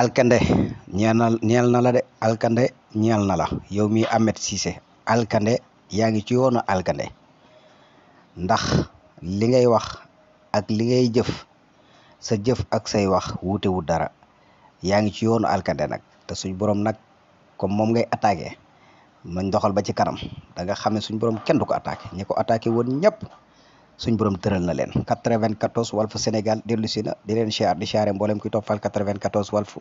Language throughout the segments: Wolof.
alkande ñeel na ñeel na la de alkande ñeel na la yow mi Ahmed Cissé alkande yaa ngi ci yoonu alkande ndax li ngay wax ak li ngay jëf sa jëf ak say wax wuute wu dara yaa ngi ci yoonu alkande nag te suñ borom nag comme moom ngay attaqué ma doxal ba ci kanam da nga xam ne suñ borom kenn du ko attaqué ñi ko attaqué woon ñëpp suñ borom tëral na leen 94 Walf Sénégal dellu si na di leen siyaar di siyaare mboolem kuy toppal 94 Walf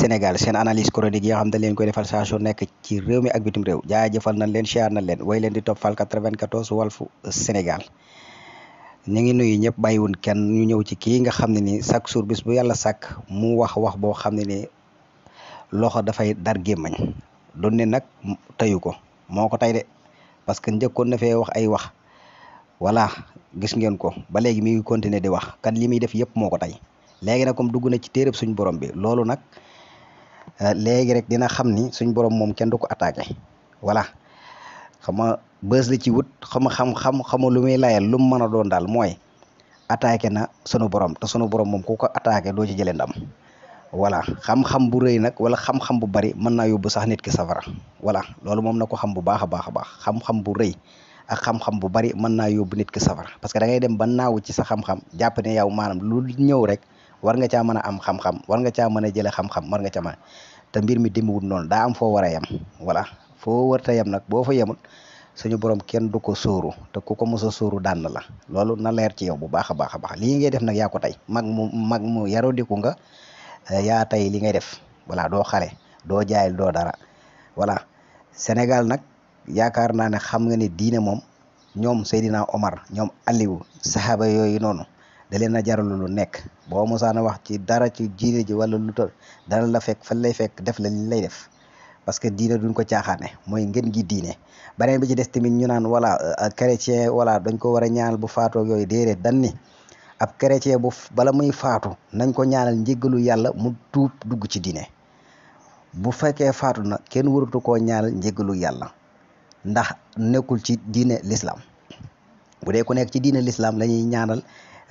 Sénégal seen analyse chronique yi nga xam dañ leen koy defal saa su nekk ci réew mi ak bitim réew jaajëfal nañ leen siyaar nañ leen way leen di toppal 94 Walf Sénégal ñu ngi nuyu ñëpp bàyyiwun kenn ñu ñëw ci kii nga xam ne ni chaque jour bis bu yàlla sàkk mu wax wax boo xam ne ni loxo dafay dar gémmañ doon ne nag teyu ko moo ko tey de parce que njëkkoon na fee wax ay wax voilà gis ngeen ko ba léegi mi ngi continuer wax kan li muy def yëpp moo ko tey léegi nag comme dugg na ci téereb suñ borom bi loolu nag euh, léegi rek dina xam ni suñ borom moom kenn du ko attaqué voilà xam nga bës la ci xam-xam xama lu muy layal lu mu mën a doon daal mooy attaqué na sunu borom te sunu borom moom ku ko attaqué doo ci jëlee ndam voilà xam bu rëy nag wala xam-xam bu bari mën naa yóbbu sax nit ki safara wala loolu moom na ko xam bu baax a baax a baax xam-xam bu rëy a xam-xam bu bari mën naa yóbbu nit ki safara parce que da ngay dem ba naaw ci sa xam-xam jàpp ne yow maanaam lu ñëw rek war nga caa mën a am xam-xam war nga caa mën a jële xam war nga caa mën te mbir mi dimbawul noonu daa am foo war a yem voilà foo war ta yem nag boo fa yemul suñu borom kenn du ko sóoru te ku ko mos a sóoru la loolu na leer ci yow bu baax a baax a baax lii ngay def nag yaa tey mag mu mag mu yaroo diku nga eh, yaa li ngay def voilà doo xale doo jaayil doo dara voilà Sénégal nag yaakaar naa ne xam nga ne diine moom ñoom Seydina Omar ñoom Aliou saxaaba yooyu noonu da leen a jaral lu nekk boo mosaan a wax ci dara ci diine ji wala lu tal dana la fekk fan lay fekk def la li lay def parce que diine duñ ko caaxaane mooy ngeen gi diine beneen bi ci des tamit ñu naan voilà euh, chrétien voilà dañ ko war a ñaanal bu faatoo yooyu déedéet dan ab chrétien bu bala muy faatu nañ ko ñaanal njéggalu yàlla mu tuub dugg ci diine bu fekkee faatu na kenn waratu koo ñaanal njéggalu yàlla ndax nekkul ci diine lislaam bu dee ku nekk ci diine lislaam la ñuy ñaanal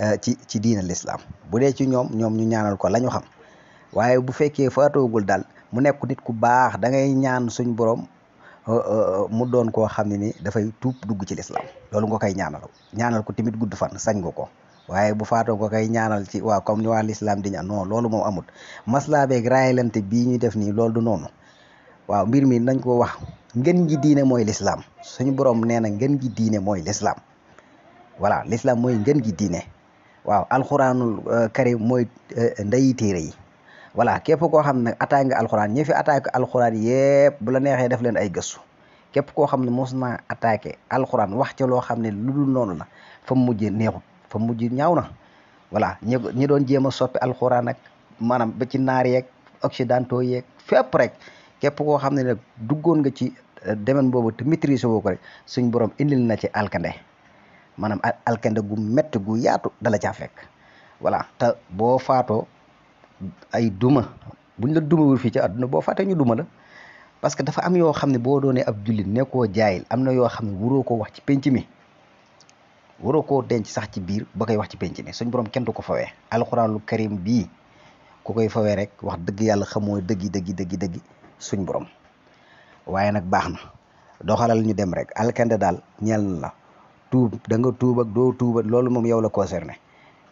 euh, ci ci diine lislaam bu dee ci ñoom ñoom ñu ñaanal ko lañu xam waaye bu fekkee faatoogul daal mu nekk nit ku baax da ngay ñaan suñ borom euh, euh, mu doon koo xam ne ni dafay tuub dugg ci lislaam loolu nga koy ñaanal ñaanal ko tamit gudd fan sañ nga ko waaye bu faatoo nga koy ñaanal ci waa comme ni waa lislaam di ñaan non loolu moom amut maslaa beeg raayalante bii ñuy def nii loolu du noonu waaw mbir mi nañ ko wax ngeen gi diine mooy lislaam suñu borom nee na ngeen gi diine mooy lislaam voilà lislaam mooy ngeen gi diine waaw alxuraanul euh, karim mooy euh, ndeyi téere yi voilà képp koo xam ne attaque nga alxuraan ñi attaque alxuraan yëpp bu la neexee def leen ay gëstu képp koo xam ne mos naa alxuraan wax ca loo xam ne lu dul noonu la fa mujj neexut fa mujj ñaaw na voilà ñi ñi doon jéem a soppi alxuraan ak maanaam ba ci naar yeeg occidentaux yeeg fépp rek képp koo xam ne nag duggoon nga ci euh, domaine boobu te maîtriser woo ko rek suñ borom indil na ci alkande maanaam alkande gu mett gu yaatu dala caa fekk voilà te boo faatoo ay duma buñ la dumawul fii ci àdduna boo faatee ñu duma la parce que dafa am yoo xam ne boo doonee ab jullit ne koo jaayil am na yoo xam ne waroo koo wax ci penc mi waroo koo denc sax ci biir ba koy wax ci penc mi suñ borom kenn du ko fawee alxuraanul karim bii ko koy fawee rek wax dëgg yàlla xamoo dëggi dëggi dëggi suñ borom waaye nag baax na doo doxalal ñu dem rek alkande daal ñeel na la tuub da nga tuub ak doo tuuba loolu moom yow la concerné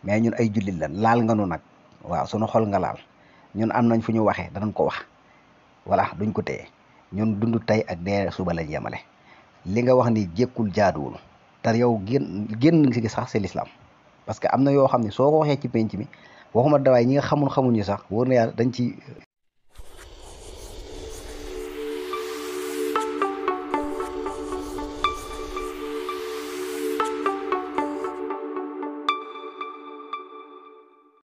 mais ñun ay jullit lan laal nga nu nag waaw suñu xol nga laal ñun am nañ fu ñu waxee danañ ko wax voilà duñ ko téye ñun dund tey ak dee suba lañ yemale li nga wax ni jékkul jaaduwul te yow génn génn nga si sax si lislaam parce que am na yoo xam ne soo ko waxee ci penc mi waxuma dawaay ñi nga xamul xamuñu sax wóor na yàlla dañ ci